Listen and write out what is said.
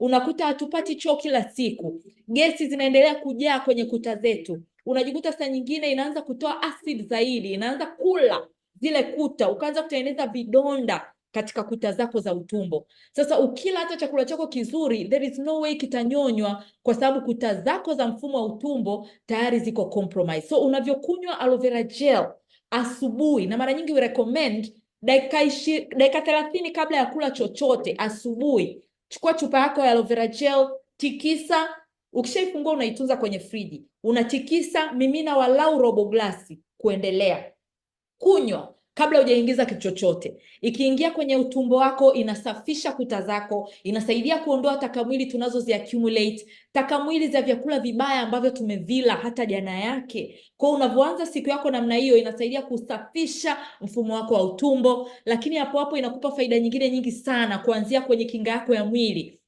unakuta hatupati choo kila siku, gesi zinaendelea kujaa kwenye kuta zetu, unajikuta saa nyingine inaanza kutoa asid zaidi, inaanza kula zile kuta, ukaanza kutengeneza vidonda katika kuta zako za utumbo. Sasa ukila hata chakula chako kizuri, there is no way kitanyonywa, kwa sababu kuta zako za mfumo wa utumbo tayari ziko compromise. So unavyokunywa alovera gel asubuhi, na mara nyingi we recommend dakika 30 kabla ya kula chochote asubuhi, Chukua chupa yako ya aloe vera gel, tikisa. Ukishaifungua unaitunza kwenye friji, unatikisa, mimina walau robo glasi kuendelea. Kunywa kabla hujaingiza kitu chochote. Ikiingia kwenye utumbo wako, inasafisha kuta zako, inasaidia kuondoa takamwili tunazozi takamwili za vyakula vibaya ambavyo tumevila hata jana yake. kwao unavyoanza siku yako namna hiyo, inasaidia kusafisha mfumo wako wa utumbo, lakini hapo hapo inakupa faida nyingine nyingi sana, kuanzia kwenye kinga yako ya mwili